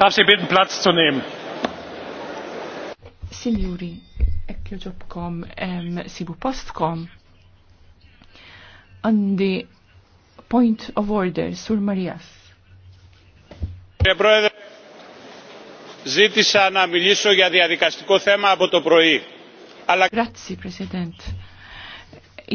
Darf Sie bitten, Platz zu nehmen? Signori, ecco jobcom, joġobkom sibu postkom. Għandi point of order, Sur Marias. Ζήτησα να μιλήσω για διαδικαστικό θέμα από το πρωί. Αλλά... Grazie, Presidente